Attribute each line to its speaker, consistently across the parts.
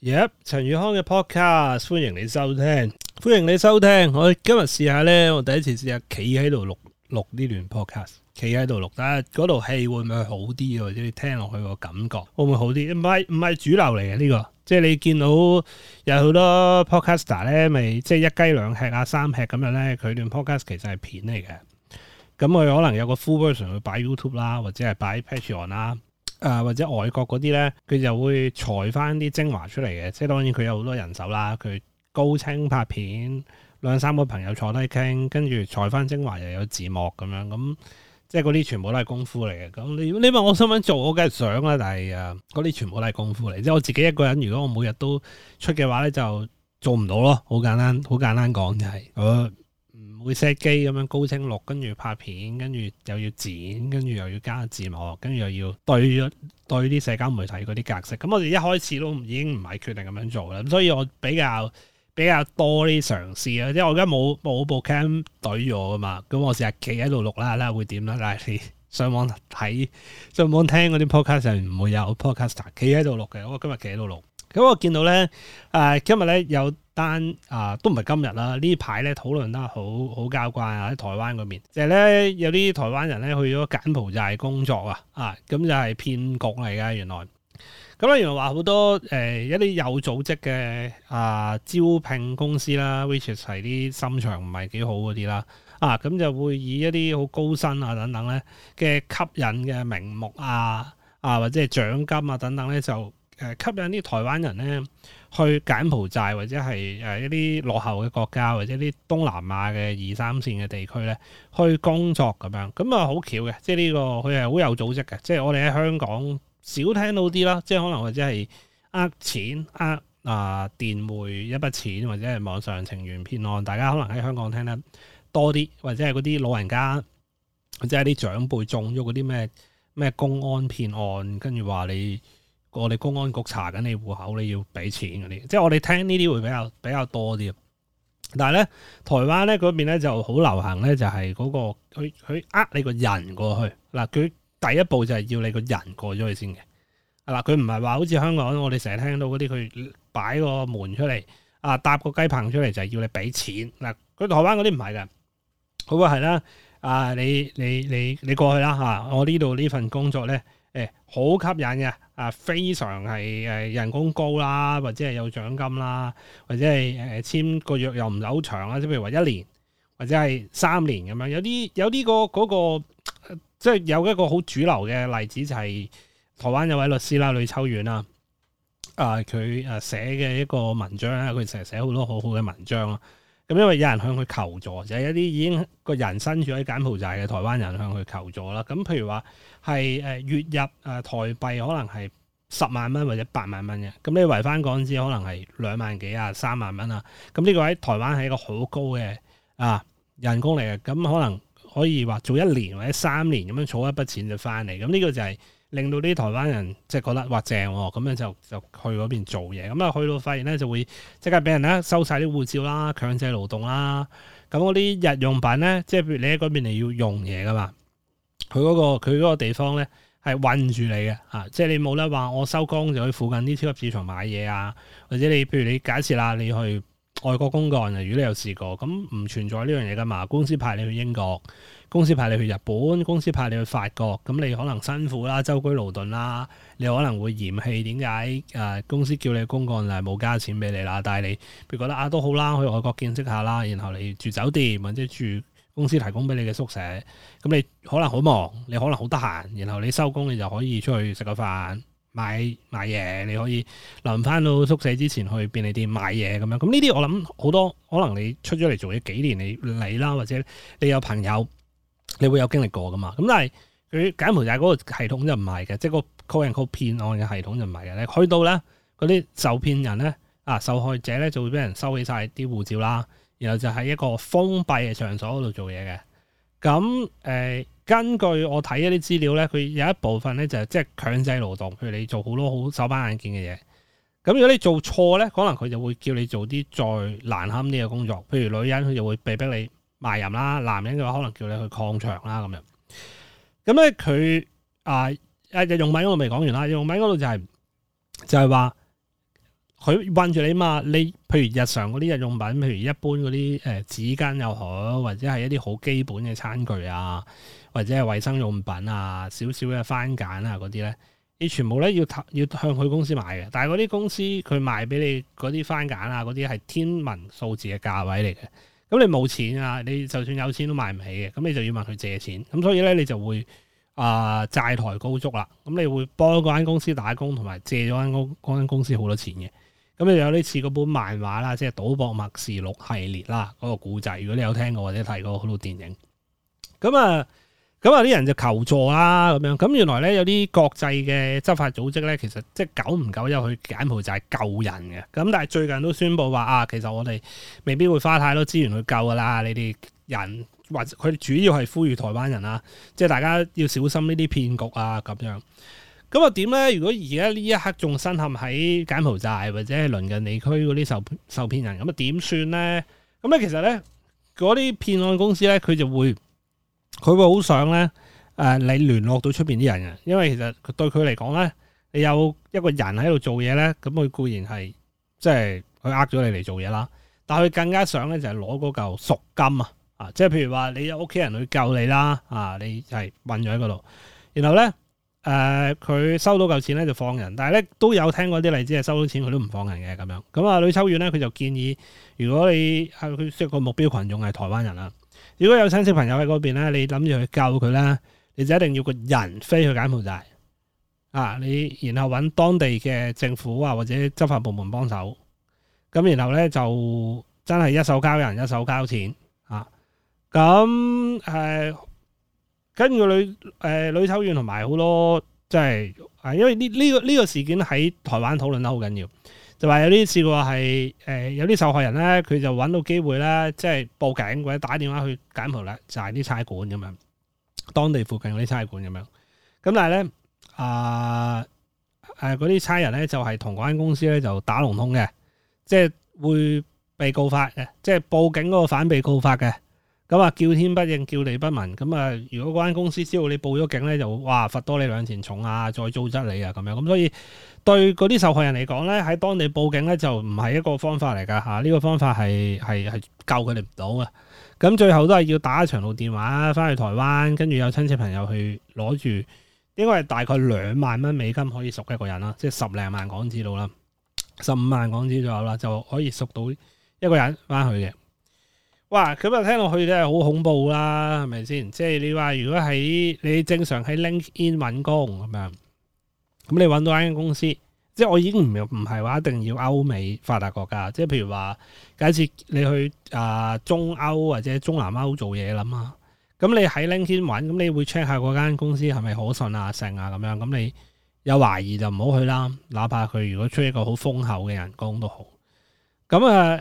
Speaker 1: 耶！陳宇康嘅 podcast，歡迎你收聽，歡迎你收聽。我今日試下咧，我第一次試下企喺度錄錄呢段 podcast，企喺度錄，睇下嗰度戲會唔會好啲，或者你聽落去個感覺會唔會好啲？唔係唔係主流嚟嘅，呢個，即係你見到有好多 podcaster 咧，咪即係一雞兩吃啊三吃咁樣咧，佢段 podcast 其實係片嚟嘅。咁佢可能有個 full version，去擺 YouTube 啦，或者係擺 Patreon 啦。誒、呃、或者外國嗰啲咧，佢就會裁翻啲精華出嚟嘅，即係當然佢有好多人手啦，佢高清拍片，兩三個朋友坐低傾，跟住裁翻精華又有字幕咁樣，咁、嗯、即係嗰啲全部都係功夫嚟嘅。咁、嗯、你你問我想唔想做，我梗係想啦，但係誒嗰啲全部都係功夫嚟，即係我自己一個人如果我每日都出嘅話咧，就做唔到咯，好簡單，好簡單講就係、是。嗯會 set 機咁樣高清錄，跟住拍片，跟住又要剪，跟住又要加字幕，跟住又要對咗對啲社交媒體嗰啲格式。咁我哋一開始都已經唔係決定咁樣做啦。咁所以我比較比較多啲嘗試啦。因為我而家冇冇部 cam 懟咗啊嘛。咁我成日企喺度錄啦，睇下會點啦。但係你上網睇、上網聽嗰啲 podcast 就唔會有 podcaster 企喺度錄嘅。我今日企喺度錄，咁我見到咧，誒今日咧有。單啊，都唔係今日啦。呢排咧討論得好好交關啊！喺台灣嗰邊，就係咧有啲台灣人咧去咗柬埔寨工作啊，啊咁就係騙局嚟㗎。原來咁咧、啊，原來話好多誒、呃、一啲有組織嘅啊招聘公司啦，which 係啲心腸唔係幾好嗰啲啦，啊咁就、啊啊、就會以一啲好高薪啊等等咧嘅吸引嘅名目啊啊或者係獎金啊等等咧就。誒吸引啲台灣人咧去柬埔寨或者係誒一啲落後嘅國家或者啲東南亞嘅二三線嘅地區咧去工作咁樣，咁啊好巧嘅，即係呢個佢係好有組織嘅，即係我哋喺香港少聽到啲啦，即係可能或者係呃錢呃啊電匯一筆錢或者係網上情緣騙案，大家可能喺香港聽得多啲，或者係嗰啲老人家或者係啲長輩中咗嗰啲咩咩公安騙案，跟住話你。我哋公安局查緊你戶口，你要俾錢嗰啲，即係我哋聽呢啲會比較比較多啲。但係咧，台灣咧嗰邊咧就好流行咧，那個，就係嗰個佢佢呃你個人過去嗱，佢第一步就係要你個人過咗去先嘅。嗱，佢唔係話好似香港，我哋成日聽到嗰啲佢擺個門出嚟啊，搭個雞棚出嚟就係要你俾錢嗱，佢台灣嗰啲唔係噶，佢話係啦，啊你你你你過去啦吓，我呢度呢份工作咧，誒、欸、好吸引嘅。啊，非常係誒人工高啦，或者係有獎金啦，或者係誒簽個約又唔係好長啦，即譬如話一年或者係三年咁樣，有啲有呢個嗰個，即、那、係、個就係、有一個好主流嘅例子就係、係、台灣有位律師啦，呂秋遠啦，啊佢誒寫嘅一個文章啦，佢成日寫好多好好多好好嘅文章咯。咁因為有人向佢求助，就係一啲已經個人身處喺柬埔寨嘅台灣人向佢求助啦。咁譬如話係誒月入誒台幣可能係十萬蚊或者八萬蚊嘅，咁你圍翻港紙可能係兩萬幾啊三萬蚊啊。咁呢個喺台灣係一個好高嘅啊人工嚟嘅，咁可能可以話做一年或者三年咁樣儲一筆錢就翻嚟。咁呢個就係、是。令到啲台灣人即係覺得哇正喎，咁樣就就去嗰邊做嘢。咁啊去到發現咧就會即刻俾人咧收晒啲護照啦、強制勞動啦。咁嗰啲日用品咧，即係譬如你喺嗰邊你要用嘢噶嘛，佢嗰個佢嗰個地方咧係困住你嘅嚇、啊。即係你冇得話我收工就去附近啲超級市場買嘢啊，或者你譬如你假設啦，你去外國公幹嘅，如果你有試過，咁唔存在呢樣嘢噶嘛。公司派你去英國。公司派你去日本，公司派你去法國，咁你可能辛苦啦，舟車勞頓啦，你可能會嫌棄。點解？誒，公司叫你公幹就係冇加錢俾你啦。但係你，你覺得啊，都好啦，去外國見識下啦。然後你住酒店或者住公司提供俾你嘅宿舍，咁你可能好忙，你可能好得閒。然後你收工，你就可以出去食個飯，買買嘢，你可以臨返到宿舍之前去便利店買嘢咁樣。咁呢啲我諗好多可能你出咗嚟做咗幾年，你你啦，或者你有朋友。你會有經歷過噶嘛？咁但係佢柬埔寨嗰個系統就唔係嘅，即係個 call and call 騙案嘅系統就唔係嘅。你去到咧，嗰啲受騙人咧啊，受害者咧就會俾人收起晒啲護照啦，然後就喺一個封閉嘅場所嗰度做嘢嘅。咁誒、呃，根據我睇一啲資料咧，佢有一部分咧就即係強制勞動，譬如你做好多好手板眼見嘅嘢。咁如果你做錯咧，可能佢就會叫你做啲再難堪啲嘅工作，譬如女人佢就會被逼迫你。賣淫啦，男人嘅話可能叫你去礦場啦咁樣。咁咧佢啊，誒日用品嗰度未講完啦，日用品嗰度就係、是、就係話佢困住你嘛。你譬如日常嗰啲日用品，譬如一般嗰啲誒紙巾又好，或者係一啲好基本嘅餐具啊，或者係衛生用品啊，少少嘅番鹼啊嗰啲咧，你全部咧要要向佢公司買嘅。但係嗰啲公司佢賣俾你嗰啲番鹼啊，嗰啲係天文數字嘅價位嚟嘅。咁你冇錢啊！你就算有錢都買唔起嘅，咁你就要問佢借錢，咁所以咧你就會啊呃、債台高築啦。咁你會幫嗰間公司打工，同埋借咗間公間公司好多錢嘅。咁你就有啲似嗰本漫畫啦，即係《賭博默示錄》系列啦，嗰個古仔，如果你有聽過或者睇過好多電影，咁啊。咁啊，啲人就求助啦，咁樣咁原來咧有啲國際嘅執法組織咧，其實即係久唔久又去柬埔寨救人嘅。咁但係最近都宣佈話啊，其實我哋未必會花太多資源去救㗎喇，你哋人或佢主要係呼籲台灣人啊，即係大家要小心呢啲騙局啊，咁樣。咁啊點咧？如果而家呢一刻仲身陷喺柬埔寨或者係鄰近地區嗰啲受受騙人，咁啊點算咧？咁咧其實咧嗰啲騙案公司咧，佢就會。佢會好想咧，誒，你聯絡到出邊啲人嘅，因為其實對佢嚟講咧，你有一個人喺度做嘢咧，咁佢固然係即係佢呃咗你嚟做嘢啦，但係佢更加想咧就係攞嗰嚿贖金啊，啊，即係譬如話你有屋企人去救你啦，啊，你係困咗喺嗰度，然後咧，誒、啊，佢收到嚿錢咧就放人，但係咧都有聽過啲例子係收到錢佢都唔放人嘅，咁樣，咁啊呂秋遠咧佢就建議，如果你啊佢識個目標群眾係台灣人啊。如果有親戚朋友喺嗰邊咧，你諗住去救佢咧，你就一定要個人飛去柬埔寨啊！你然後揾當地嘅政府啊或者執法部門幫手，咁、啊、然後咧就真係一手交人一手交錢啊！咁、啊、誒、啊、跟住個女誒女囚員同埋好多即係、就是、啊，因為呢呢、這個呢、這個事件喺台灣討論得好緊要。就話有啲試過係誒有啲受害人咧，佢就揾到機會咧，即係報警或者打電話去柬埔寨，就係啲差館咁樣，當地附近嗰啲差館咁樣。咁但係咧啊誒嗰啲差人咧就係、是、同嗰間公司咧就打龍通嘅，即係會被告發嘅，即係報警嗰個反被告發嘅。咁啊，叫天不應，叫地不聞。咁啊，如果嗰間公司知道你報咗警咧，就哇，罰多你兩錢重啊，再租質你啊，咁樣。咁所以對嗰啲受害人嚟講咧，喺當地報警咧就唔係一個方法嚟㗎嚇。呢個方法係係係救佢哋唔到嘅。咁最後都係要打長途電話翻去台灣，跟住有親戚朋友去攞住，應該係大概兩萬蚊美金可以贖一個人啦，即係十零萬港紙到啦，十五萬港紙左右啦，就可以贖到一個人翻去嘅。哇！咁啊，聽落去真係好恐怖啦，係咪先？即係你話如果喺你正常喺 LinkedIn 搵工咁樣，咁你搵到間公司，即係我已經唔唔係話一定要歐美發達國家，即係譬如話假設你去啊中歐或者中南歐做嘢啦嘛，咁你喺 LinkedIn 搵，咁你會 check 下嗰間公司係咪可信啊、正啊咁樣，咁你有懷疑就唔好去啦，哪怕佢如果出一個好豐厚嘅人工都好，咁啊。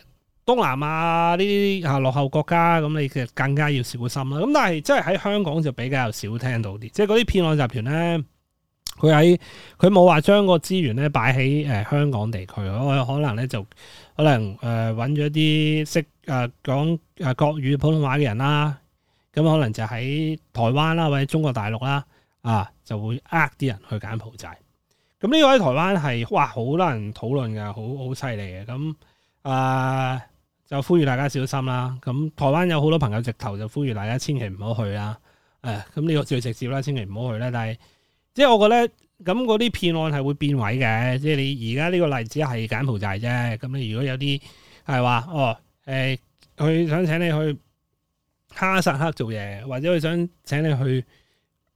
Speaker 1: 東南亞呢啲啊落後國家咁，你其實更加要小心啦。咁但係即係喺香港就比較少聽到啲，即係嗰啲騙案集團咧，佢喺佢冇話將個資源咧擺喺誒香港地區，我可能咧就可能誒揾咗啲識誒講誒國語、普通話嘅人啦，咁可能就喺台灣啦或者中國大陸啦啊，就會呃啲人去柬埔寨。咁呢個喺台灣係哇好多人討論嘅，好好犀利嘅咁啊。就呼籲大家小心啦！咁台灣有好多朋友直頭就呼籲大家千祈唔好去啦。誒，咁呢個最直接啦，千祈唔好去啦。但係，即係我覺得咁嗰啲騙案係會變位嘅。即係你而家呢個例子係柬埔寨啫。咁你如果有啲係話，哦，誒、呃，佢想請你去哈薩克做嘢，或者佢想請你去誒、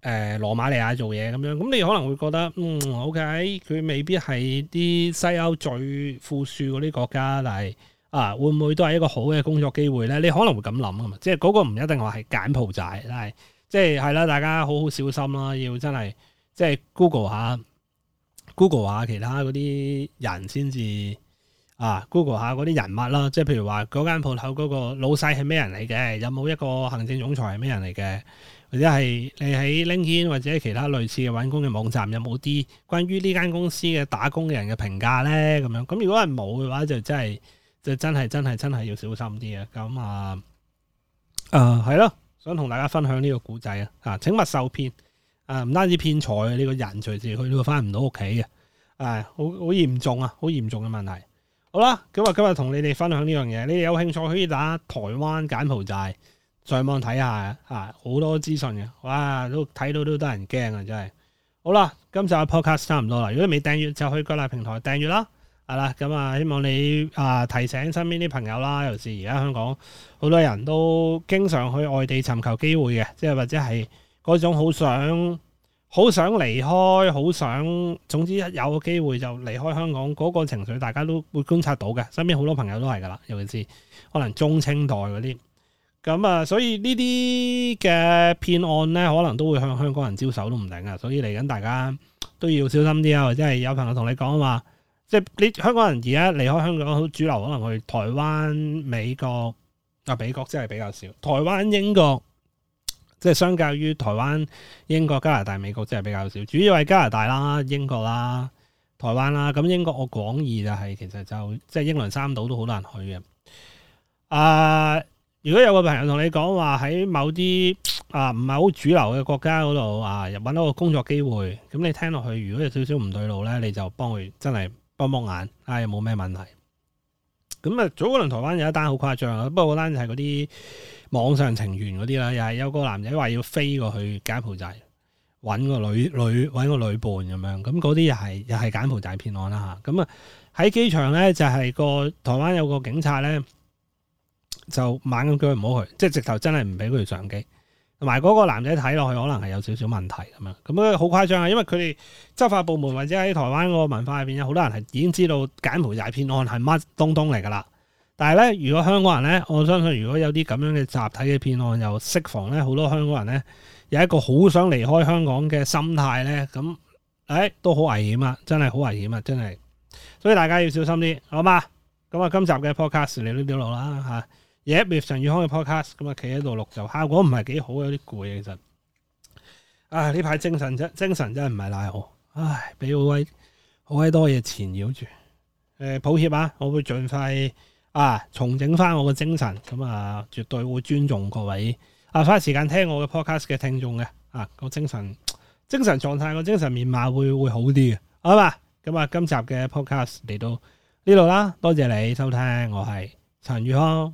Speaker 1: 呃、羅馬尼亞做嘢咁樣，咁你可能會覺得，嗯，OK，佢未必係啲西歐最富庶嗰啲國家。但係。啊，會唔會都係一個好嘅工作機會呢？你可能會咁諗啊嘛，即係嗰個唔一定話係柬埔寨，但係即係係啦，大家好好小心啦，要真係即係 Go Google 下 Google 下其他嗰啲人先至啊，Google 下嗰啲人物啦，即係譬如話嗰間鋪頭嗰個老細係咩人嚟嘅？有冇一個行政總裁係咩人嚟嘅？或者係你喺 LinkedIn 或者其他類似嘅搵工嘅網站有冇啲關於呢間公司嘅打工嘅人嘅評價呢？咁樣咁如果係冇嘅話，就真係。就真係真係真係要小心啲啊！咁、嗯、啊，誒係咯，想同大家分享呢個古仔啊！啊，請勿受騙啊！唔單止騙財啊，呢、呢個人隨時去到翻唔到屋企嘅，誒、啊，好好嚴重啊，好嚴重嘅問題。好啦，咁啊，今日同你哋分享呢樣嘢，你哋有興趣可以打台灣柬埔寨再望睇下啊，好多資訊嘅，哇，都睇到都得人驚啊，真係。好啦，今日嘅 podcast 差唔多啦，如果你未訂閱就去各大平台訂閱啦。係啦，咁啊、嗯，希望你啊、呃、提醒身邊啲朋友啦。尤其是而家香港好多人都經常去外地尋求機會嘅，即係或者係嗰種好想好想離開，好想總之一有機會就離開香港嗰、嗰個情緒，大家都會觀察到嘅。身邊好多朋友都係噶啦，尤其是可能中青代嗰啲。咁、嗯、啊、嗯，所以呢啲嘅騙案咧，可能都會向香港人招手都唔定啊。所以嚟緊大家都要小心啲啊！或者係有朋友同你講話。即係你香港人而家離開香港，好主流可能去台灣、美國，但美國真係比較少。台灣、英國，即係相較於台灣、英國、加拿大、美國，真係比較少。主要係加拿大啦、英國啦、台灣啦。咁英國我廣義就係、是、其實就即係英倫三島都好難去嘅。誒、呃，如果有個朋友同你講話喺某啲啊唔係好主流嘅國家嗰度啊，又搵到個工作機會，咁你聽落去，如果有少少唔對路咧，你就幫佢真係。幫幫眼，唉、哎，冇咩問題。咁啊，早嗰輪台灣有一單好誇張啊，不過嗰單就係嗰啲網上情緣嗰啲啦，又係有個男仔話要飛過去柬埔寨搵個女女搵個女伴咁樣，咁嗰啲又係又係柬埔寨騙案啦吓。咁啊喺機場咧就係、是、個台灣有個警察咧就猛咁叫佢唔好去，即係直頭真係唔俾佢上機。同埋嗰個男仔睇落去，可能係有少少問題咁樣。咁啊，好誇張啊！因為佢哋執法部門或者喺台灣嗰個文化入邊，有好多人係已經知道柬埔寨騙案係乜東東嚟噶啦。但係咧，如果香港人咧，我相信如果有啲咁樣嘅集體嘅騙案又防，又釋放咧，好多香港人咧有一個好想離開香港嘅心態咧，咁誒都好危險啊！真係好危險啊！真係、啊，所以大家要小心啲，好嗎？咁啊，今集嘅 podcast 嚟到呢度啦嚇。嘢，陳宇康嘅 podcast。咁啊，企喺度錄就效果唔係幾好，有啲攰啊！其實，唉呢排精神真，精神真係唔係賴我，唉俾好鬼好鬼多嘢纏繞住。誒，抱歉啊，我會盡快啊重整翻我個精神，咁啊絕對會尊重各位啊花時間聽我嘅 podcast 嘅聽眾嘅啊個精神精神狀態個精神面貌會會好啲嘅，好嘛？咁啊，今集嘅 podcast 嚟到呢度啦，多謝你收聽，我係陳宇康。